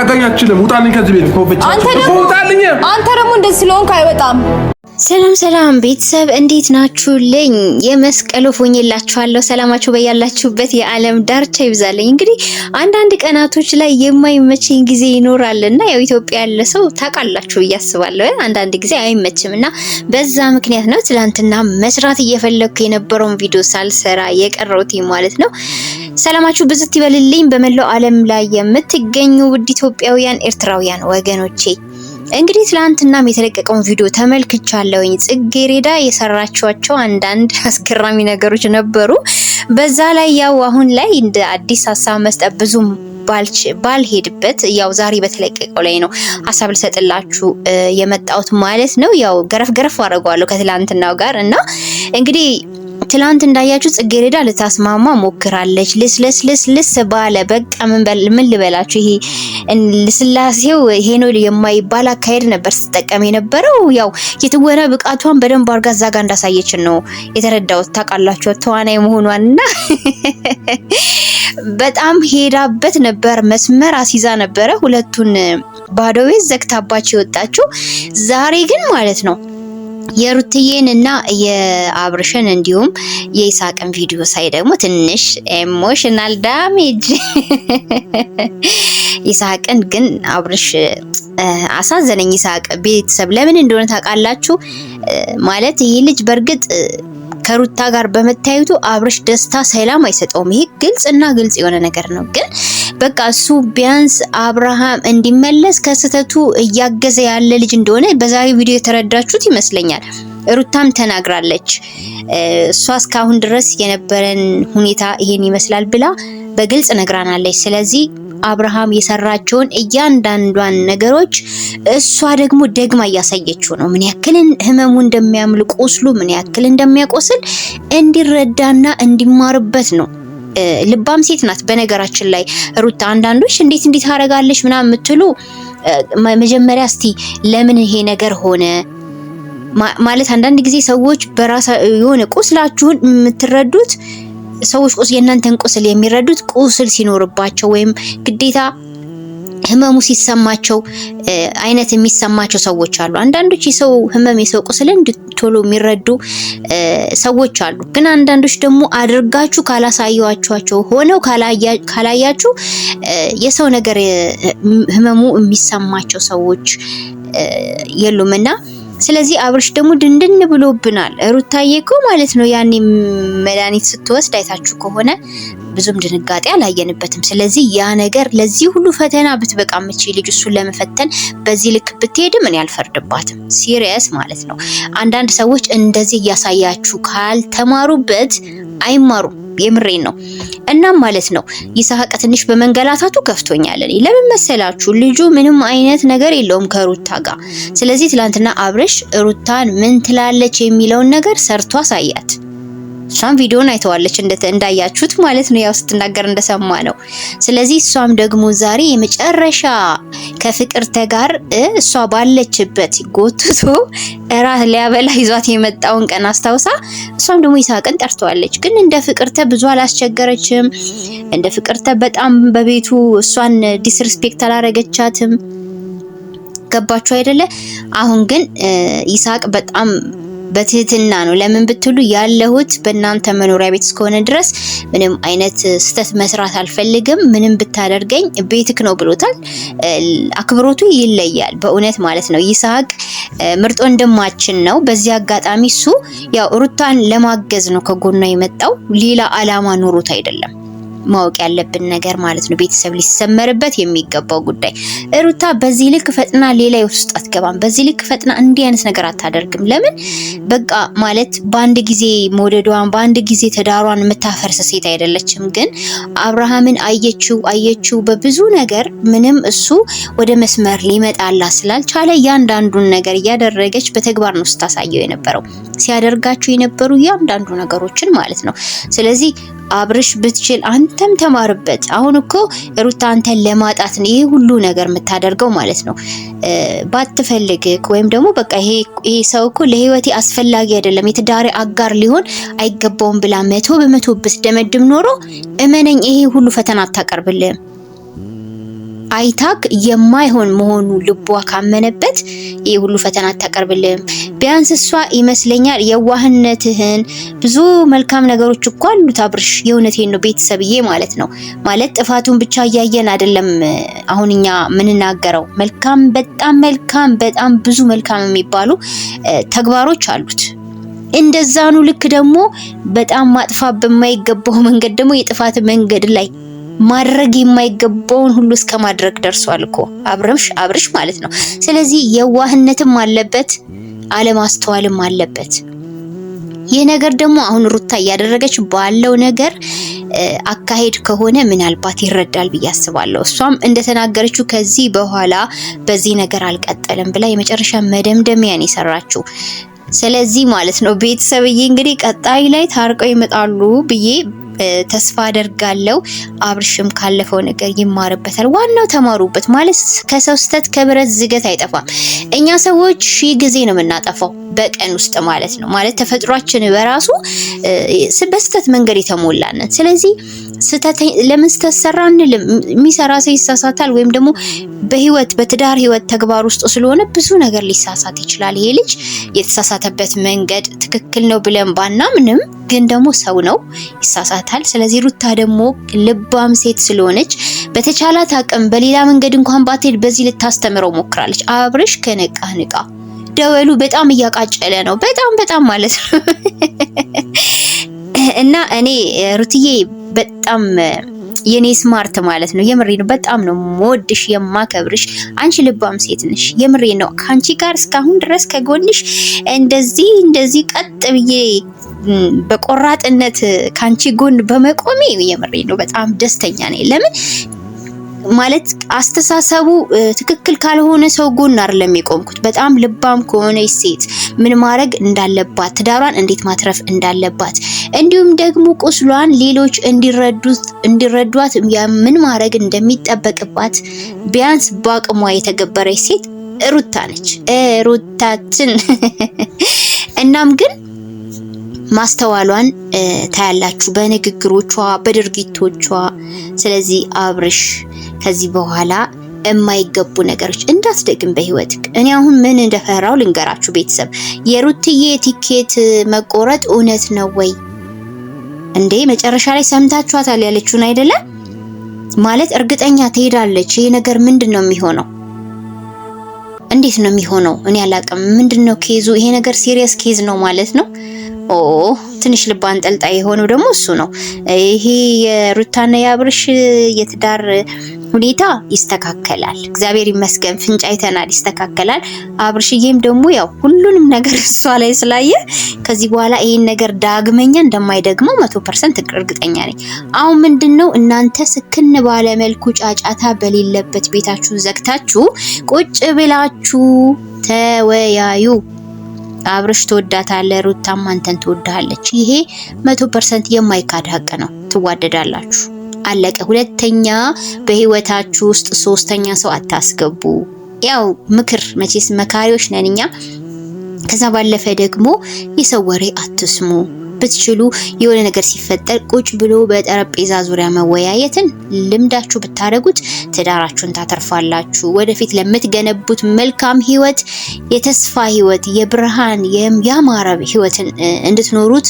ልታጋኝ አትችልም። ውጣልኝ ከዚህ ቤት ኮፈች። ውጣልኝ። አንተ ደግሞ እንደዚህ ስለሆንክ አይወጣም። ሰላም ሰላም ቤተሰብ እንዴት ናችሁልኝ? የመስቀል ወፍ ሆኜላችኋለሁ። ሰላማችሁ በያላችሁበት የዓለም ዳርቻ ይብዛልኝ። እንግዲህ አንዳንድ ቀናቶች ላይ የማይመቸኝ ጊዜ ይኖራል እና ያው ኢትዮጵያ ያለ ሰው ታውቃላችሁ ብዬ አስባለሁ። አንዳንድ ጊዜ አይመችም እና በዛ ምክንያት ነው ትላንትና መስራት እየፈለግኩ የነበረውን ቪዲዮ ሳልሰራ የቀረውት ማለት ነው። ሰላማችሁ ብዝት ይበልልኝ። በመላው ዓለም ላይ የምትገኙ ውድ ኢትዮጵያውያን ኤርትራውያን ወገኖቼ እንግዲህ ትላንትናም የተለቀቀውን ቪዲዮ ተመልክቻለሁኝ። ጽጌሬዳ የሰራችኋቸው አንዳንድ አስገራሚ ነገሮች ነበሩ። በዛ ላይ ያው አሁን ላይ እንደ አዲስ ሀሳብ መስጠት ብዙም ባልሄድበት ያው ዛሬ በተለቀቀው ላይ ነው ሀሳብ ልሰጥላችሁ የመጣሁት ማለት ነው። ያው ገረፍ ገረፍ አድርገዋለሁ ከትላንትናው ጋር እና እንግዲህ ትላንት እንዳያችሁ ጽጌረዳ ልታስማማ ሞክራለች። ልስልስ ልስልስ ባለ በቃ ምን ምን ልበላችሁ ይሄ ልስላሴው ሄኖል የማይባል አካሄድ ነበር ስትጠቀም የነበረው። ያው የትወና ብቃቷን በደንብ አድርጋ እዛ ጋር እንዳሳየችን ነው የተረዳሁት። ታውቃላችሁ ተዋናይ መሆኗንና በጣም ሄዳበት ነበር። መስመር አስይዛ ነበረ ሁለቱን ባዶዌ ዘግታባቸው የወጣችው ዛሬ ግን ማለት ነው የሩትዬን እና የአብርሽን እንዲሁም የኢሳቅን ቪዲዮ ሳይ ደግሞ ትንሽ ኤሞሽናል ዳሜጅ ይሳቅን ግን አብርሽ አሳዘነኝ። ኢሳቅ ቤተሰብ ለምን እንደሆነ ታውቃላችሁ? ማለት ይህ ልጅ በእርግጥ ከሩታ ጋር በመታየቱ አብርሽ ደስታ ሰላም አይሰጠውም። ይሄ ግልጽና ግልጽ የሆነ ነገር ነው። ግን በቃ እሱ ቢያንስ አብርሃም እንዲመለስ ከስህተቱ እያገዘ ያለ ልጅ እንደሆነ በዛሬ ቪዲዮ የተረዳችሁት ይመስለኛል። ሩታም ተናግራለች። እሷ እስካሁን ድረስ የነበረን ሁኔታ ይሄን ይመስላል ብላ በግልጽ ነግራናለች። ስለዚህ አብርሃም የሰራቸውን እያንዳንዷን ነገሮች እሷ ደግሞ ደግማ እያሳየችው ነው። ምን ያክል ህመሙ እንደሚያምል ቁስሉ ምን ያክል እንደሚያቆስል እንዲረዳና እንዲማርበት ነው። ልባም ሴት ናት። በነገራችን ላይ ሩታ አንዳንዶች እንዴት እንዴት ታደርጋለች ምናምን የምትሉ መጀመሪያ እስቲ ለምን ይሄ ነገር ሆነ ማለት አንዳንድ ጊዜ ሰዎች በራሳ የሆነ ቁስላችሁን የምትረዱት ሰዎች ቁስ የእናንተን ቁስል የሚረዱት ቁስል ሲኖርባቸው ወይም ግዴታ ህመሙ ሲሰማቸው አይነት የሚሰማቸው ሰዎች አሉ። አንዳንዶች የሰው ህመም የሰው ቁስልን ቶሎ የሚረዱ ሰዎች አሉ። ግን አንዳንዶች ደግሞ አድርጋችሁ ካላሳያችኋቸው ሆነው ካላያችሁ የሰው ነገር ህመሙ የሚሰማቸው ሰዎች የሉም እና ስለዚህ አብርሽ ደግሞ ድንድን ብሎብናል። ሩታዬ እኮ ማለት ነው ያኔ መድኃኒት ስትወስድ አይታችሁ ከሆነ ብዙም ድንጋጤ አላየንበትም። ስለዚህ ያ ነገር ለዚህ ሁሉ ፈተና ብትበቃ ምቺ ልጅ እሱን ለመፈተን በዚህ ልክ ብትሄድም እኔ አልፈርድባትም። ሲሪየስ ማለት ነው። አንዳንድ ሰዎች እንደዚህ እያሳያችሁ ካልተማሩበት አይማሩም። የምሬን ነው። እናም ማለት ነው ይስሐቅ ትንሽ በመንገላታቱ ከፍቶኛል። እኔ ለምን መሰላችሁ ልጁ ምንም አይነት ነገር የለውም ከሩታ ጋር። ስለዚህ ትላንትና አብርሽ ሩታን ምን ትላለች የሚለውን ነገር ሰርቶ አሳያት። እሷም ቪዲዮን አይተዋለች እንዳያችሁት ማለት ነው፣ ያው ስትናገር እንደሰማ ነው። ስለዚህ እሷም ደግሞ ዛሬ የመጨረሻ ከፍቅርተ ጋር እሷ ባለችበት ጎትቶ እራት ሊያበላ ይዟት የመጣውን ቀን አስታውሳ እሷም ደግሞ ይሳቅን ጠርተዋለች። ግን እንደ ፍቅርተ ብዙ አላስቸገረችም። እንደ ፍቅርተ በጣም በቤቱ እሷን ዲስሪስፔክት አላረገቻትም። ገባችሁ አይደለ? አሁን ግን ይሳቅ በጣም በትህትና ነው። ለምን ብትሉ ያለሁት በእናንተ መኖሪያ ቤት እስከሆነ ድረስ ምንም አይነት ስህተት መስራት አልፈልግም፣ ምንም ብታደርገኝ ቤትክ ነው ብሎታል። አክብሮቱ ይለያል በእውነት ማለት ነው። ይስሐቅ ምርጥ ወንድማችን ነው። በዚህ አጋጣሚ እሱ ያው ሩታን ለማገዝ ነው ከጎኗ የመጣው ሌላ አላማ ኑሮት አይደለም። ማወቅ ያለብን ነገር ማለት ነው። ቤተሰብ ሊሰመርበት የሚገባው ጉዳይ ሩታ በዚህ ልክ ፈጥና ሌላ ህይወት ውስጥ አትገባም። በዚህ ልክ ፈጥና እንዲህ አይነት ነገር አታደርግም። ለምን በቃ ማለት በአንድ ጊዜ መውደዷን በአንድ ጊዜ ትዳሯን የምታፈርስ ሴት አይደለችም። ግን አብርሃምን አየችው አየችው በብዙ ነገር ምንም እሱ ወደ መስመር ሊመጣላ ስላልቻለ እያንዳንዱን ነገር እያደረገች በተግባር ነው ስታሳየው የነበረው ሲያደርጋቸው የነበሩ እያንዳንዱ ነገሮችን ማለት ነው። ስለዚህ አብርሽ ብትችል አንተም ተማርበት። አሁን እኮ ሩታ አንተን ለማጣት ነው ይሄ ሁሉ ነገር የምታደርገው ማለት ነው። ባትፈልግ ወይም ደግሞ በቃ ይሄ ይሄ ሰው እኮ ለህይወቴ አስፈላጊ አይደለም የትዳሬ አጋር ሊሆን አይገባውም ብላ መቶ በመቶ ብትደመድም ኖሮ እመነኝ ይሄ ሁሉ ፈተና አታቀርብልህም። አይታክ የማይሆን መሆኑ ልቧ ካመነበት ይህ ሁሉ ፈተና አታቀርብልም። ቢያንስ እሷ ይመስለኛል የዋህነትህን ብዙ መልካም ነገሮች እኮ አሉት አብርሽ። የእውነቴን ነው ቤተሰብዬ ማለት ነው። ማለት ጥፋቱን ብቻ እያየን አይደለም አሁን እኛ ምንናገረው። መልካም በጣም መልካም በጣም ብዙ መልካም የሚባሉ ተግባሮች አሉት። እንደዛኑ ልክ ደግሞ በጣም ማጥፋት በማይገባው መንገድ ደግሞ የጥፋት መንገድ ላይ ማድረግ የማይገባውን ሁሉ እስከ ማድረግ ደርሷል እኮ አብረምሽ አብርሽ ማለት ነው። ስለዚህ የዋህነትም አለበት አለማስተዋልም አለበት። ይህ ነገር ደግሞ አሁን ሩታ እያደረገች ባለው ነገር አካሄድ ከሆነ ምናልባት ይረዳል ብዬ አስባለሁ። እሷም እንደተናገረችው ከዚህ በኋላ በዚህ ነገር አልቀጠልም ብላ የመጨረሻ መደምደሚያን የሰራችው ስለዚህ ማለት ነው ቤተሰብዬ እንግዲህ ቀጣይ ላይ ታርቀው ይመጣሉ ብዬ ተስፋ አደርጋለሁ። አብርሽም ካለፈው ነገር ይማርበታል። ዋናው ተማሩበት ማለት ከሰው ስተት ከብረት ዝገት አይጠፋም። እኛ ሰዎች ሺህ ጊዜ ነው የምናጠፋው በቀን ውስጥ ማለት ነው። ማለት ተፈጥሯችን በራሱ በስተት መንገድ የተሞላነን። ስለዚህ ለምን ስተሰራ አንልም። የሚሰራ ሰው ይሳሳታል፣ ወይም ደግሞ በህይወት በትዳር ህይወት ተግባር ውስጥ ስለሆነ ብዙ ነገር ሊሳሳት ይችላል። ይሄ ልጅ የተሳሳተበት መንገድ ትክክል ነው ብለን ባና ምንም ግን ደግሞ ሰው ነው ይሳሳታል። ይገባታል። ስለዚህ ሩታ ደግሞ ልባም ሴት ስለሆነች በተቻላት አቅም በሌላ መንገድ እንኳን ባትሄድ በዚህ ልታስተምረው ሞክራለች። አብርሽ ከነቃ ንቃ። ደወሉ በጣም እያቃጨለ ነው። በጣም በጣም ማለት ነው እና እኔ ሩትዬ በጣም የኔ ስማርት ማለት ነው። የምሬ ነው። በጣም ነው ሞድሽ የማከብርሽ። አንቺ ልባም ሴት ነሽ። የምሬ ነው። ከአንቺ ጋር እስካሁን ድረስ ከጎንሽ እንደዚህ እንደዚህ ቀጥ ብዬ በቆራጥነት ከአንቺ ጎን በመቆሜ የምሬ ነው በጣም ደስተኛ ነኝ። ለምን ማለት አስተሳሰቡ ትክክል ካልሆነ ሰው ጎን አይደለም የቆምኩት። በጣም ልባም ከሆነ ሴት ምን ማድረግ እንዳለባት፣ ትዳሯን እንዴት ማትረፍ እንዳለባት፣ እንዲሁም ደግሞ ቁስሏን ሌሎች እንዲረዱት እንዲረዷት ምን ማድረግ እንደሚጠበቅባት ቢያንስ በአቅሟ የተገበረች ሴት ሩታ ነች ሩታችን። እናም ግን ማስተዋሏን ታያላችሁ በንግግሮቿ፣ በድርጊቶቿ። ስለዚህ አብርሽ ከዚህ በኋላ የማይገቡ ነገሮች እንዳትደግም በህይወት። እኔ አሁን ምን እንደፈራው ልንገራችሁ ቤተሰብ። የሩትዬ ቲኬት መቆረጥ እውነት ነው ወይ እንዴ? መጨረሻ ላይ ሰምታችኋታል ያለችውን አይደለም ማለት እርግጠኛ ትሄዳለች። ይሄ ነገር ምንድን ነው የሚሆነው? እንዴት ነው የሚሆነው? እኔ አላቅም። ምንድን ነው ኬዙ? ይሄ ነገር ሲሪየስ ኬዝ ነው ማለት ነው። ኦ ትንሽ ልብ አንጠልጣይ የሆነው ደግሞ እሱ ነው። ይሄ የሩታና የአብርሽ የትዳር ሁኔታ ይስተካከላል፣ እግዚአብሔር ይመስገን። ፍንጭ አይተናል፣ ይስተካከላል። አብርሽዬም ደግሞ ያው ሁሉንም ነገር እሷ ላይ ስላየ ከዚህ በኋላ ይሄን ነገር ዳግመኛ እንደማይደግመው መቶ ፐርሰንት እርግጠኛ ነኝ። አሁን ምንድን ነው እናንተ ስክን ባለ መልኩ ጫጫታ በሌለበት ቤታችሁ ዘግታችሁ ቁጭ ብላችሁ ተወያዩ። አብርሽ ትወዳታለህ፣ ሩታም አንተን ትወዳሃለች። ይሄ መቶ ፐርሰንት የማይካድ ሀቅ ነው። ትዋደዳላችሁ፣ አለቀ። ሁለተኛ በህይወታችሁ ውስጥ ሶስተኛ ሰው አታስገቡ። ያው ምክር መቼስ መካሪዎች ነን እኛ። ከዛ ባለፈ ደግሞ የሰው ወሬ አትስሙ። ብትችሉ የሆነ ነገር ሲፈጠር ቁጭ ብሎ በጠረጴዛ ዙሪያ መወያየትን ልምዳችሁ ብታደርጉት ትዳራችሁን ታተርፋላችሁ። ወደፊት ለምትገነቡት መልካም ህይወት፣ የተስፋ ህይወት፣ የብርሃን ያማረ ህይወትን እንድትኖሩት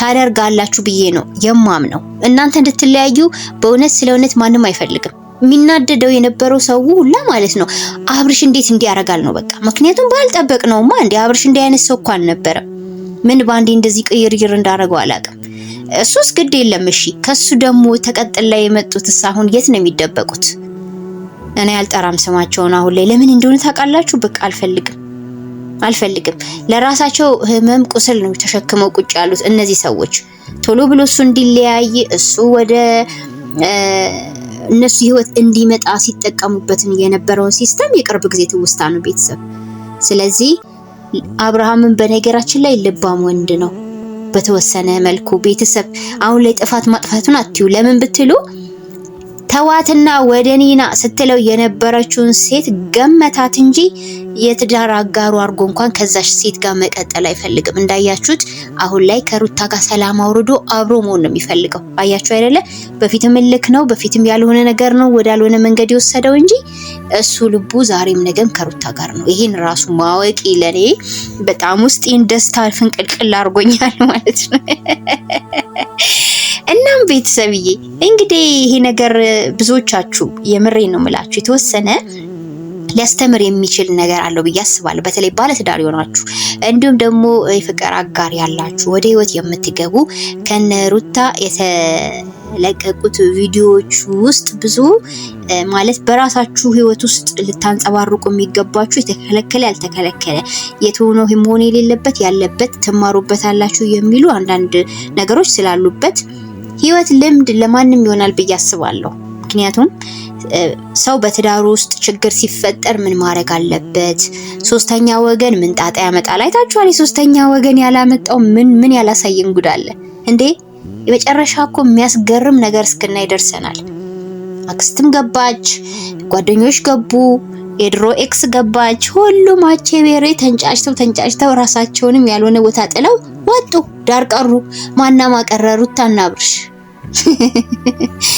ታደርጋላችሁ ብዬ ነው የማምነው። እናንተ እንድትለያዩ በእውነት ስለ እውነት ማንም አይፈልግም። የሚናደደው የነበረው ሰው ሁላ ማለት ነው አብርሽ እንዴት እንዲያረጋል ነው በቃ። ምክንያቱም ባልጠበቅ ነውማ እንዲ አብርሽ እንዲህ አይነት ሰው እኮ አልነበረም። ምን ባንዴ እንደዚህ ቅይርይር እንዳደረገው አላውቅም። እሱስ ግድ የለም እሺ። ከሱ ደግሞ ተቀጥላ የመጡትስ አሁን የት ነው የሚደበቁት? እኔ አልጠራም ስማቸውን አሁን ላይ ለምን እንደሆነ ታውቃላችሁ? በቃ አልፈልግም አልፈልግም። ለራሳቸው ህመም ቁስል ነው ተሸክመው ቁጭ ያሉት እነዚህ ሰዎች። ቶሎ ብሎ እሱ እንዲለያይ እሱ ወደ እነሱ ህይወት እንዲመጣ ሲጠቀሙበትን የነበረውን ሲስተም የቅርብ ጊዜ ትውስታ ነው ቤተሰብ ስለዚህ አብርሃምን በነገራችን ላይ ልባም ወንድ ነው። በተወሰነ መልኩ ቤተሰብ አሁን ላይ ጥፋት ማጥፋቱን አትዩ። ለምን ብትሉ ተዋትና ወደ ኒና ስትለው የነበረችውን ሴት ገመታት እንጂ የትዳር አጋሩ አድርጎ እንኳን ከዛች ሴት ጋር መቀጠል አይፈልግም። እንዳያችሁት አሁን ላይ ከሩታ ጋር ሰላም አውርዶ አብሮ መሆን ነው የሚፈልገው። አያችሁ አይደለ? በፊትም እልክ ነው፣ በፊትም ያልሆነ ነገር ነው ወዳልሆነ መንገድ የወሰደው እንጂ እሱ ልቡ ዛሬም ነገም ከሩታ ጋር ነው። ይሄን ራሱ ማወቅ ለኔ በጣም ውስጥ ደስታ ፍንቅልቅል አድርጎኛል ማለት ነው። እናም ቤተሰብዬ እንግዲህ ይሄ ነገር ብዙዎቻችሁ የምሬ ነው የምላችሁ የተወሰነ ሊያስተምር የሚችል ነገር አለው ብዬ አስባለሁ። በተለይ ባለትዳር የሆናችሁ እንዲሁም ደግሞ የፍቅር አጋር ያላችሁ ወደ ህይወት የምትገቡ ከነ ከነሩታ የተለቀቁት ቪዲዮዎች ውስጥ ብዙ ማለት በራሳችሁ ህይወት ውስጥ ልታንጸባርቁ የሚገባችሁ የተከለከለ ያልተከለከለ የትሆነ መሆን የሌለበት ያለበት ትማሩበታላችሁ የሚሉ አንዳንድ ነገሮች ስላሉበት ህይወት ልምድ ለማንም ይሆናል ብዬ አስባለሁ። ምክንያቱም ሰው በትዳሩ ውስጥ ችግር ሲፈጠር ምን ማድረግ አለበት፣ ሶስተኛ ወገን ምን ጣጣ ያመጣል? አይታችኋል። የሶስተኛ ወገን ያላመጣው ምን ምን ያላሳየን ጉድ አለ እንዴ! የመጨረሻ እኮ የሚያስገርም ነገር እስክናይ ደርሰናል። አክስትም ገባች፣ ጓደኞች ገቡ፣ የድሮ ኤክስ ገባች። ሁሉም ቤሬ ተንጫጭተው ተንጫጭተው ራሳቸውንም ያልሆነ ቦታ ጥለው ወጡ፣ ዳር ቀሩ። ማናም አቀረ ሩታና አብርሽ።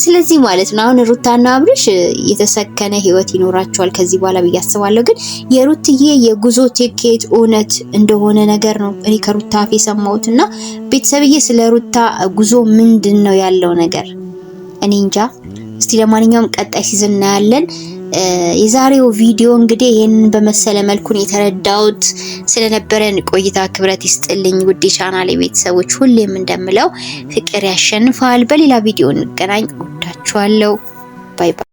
ስለዚህ ማለት ነው አሁን ሩታና አብርሽ የተሰከነ ህይወት ይኖራቸዋል ከዚህ በኋላ ብዬ አስባለሁ። ግን የሩትዬ የጉዞ ቲኬት እውነት እንደሆነ ነገር ነው እኔ ከሩታ አፍ የሰማሁት እና ቤተሰብዬ፣ ስለ ሩታ ጉዞ ምንድን ነው ያለው ነገር እኔ እንጃ። እስቲ ለማንኛውም ቀጣይ ሲዝን እናያለን። የዛሬው ቪዲዮ እንግዲህ ይህንን በመሰለ መልኩን የተረዳሁት ስለነበረን ቆይታ ክብረት ይስጥልኝ። ውድ ቻናል የቤተሰቦች ሁሌም እንደምለው ፍቅር ያሸንፋል። በሌላ ቪዲዮ እንገናኝ። ወዳችኋለሁ። ባይ ባይ።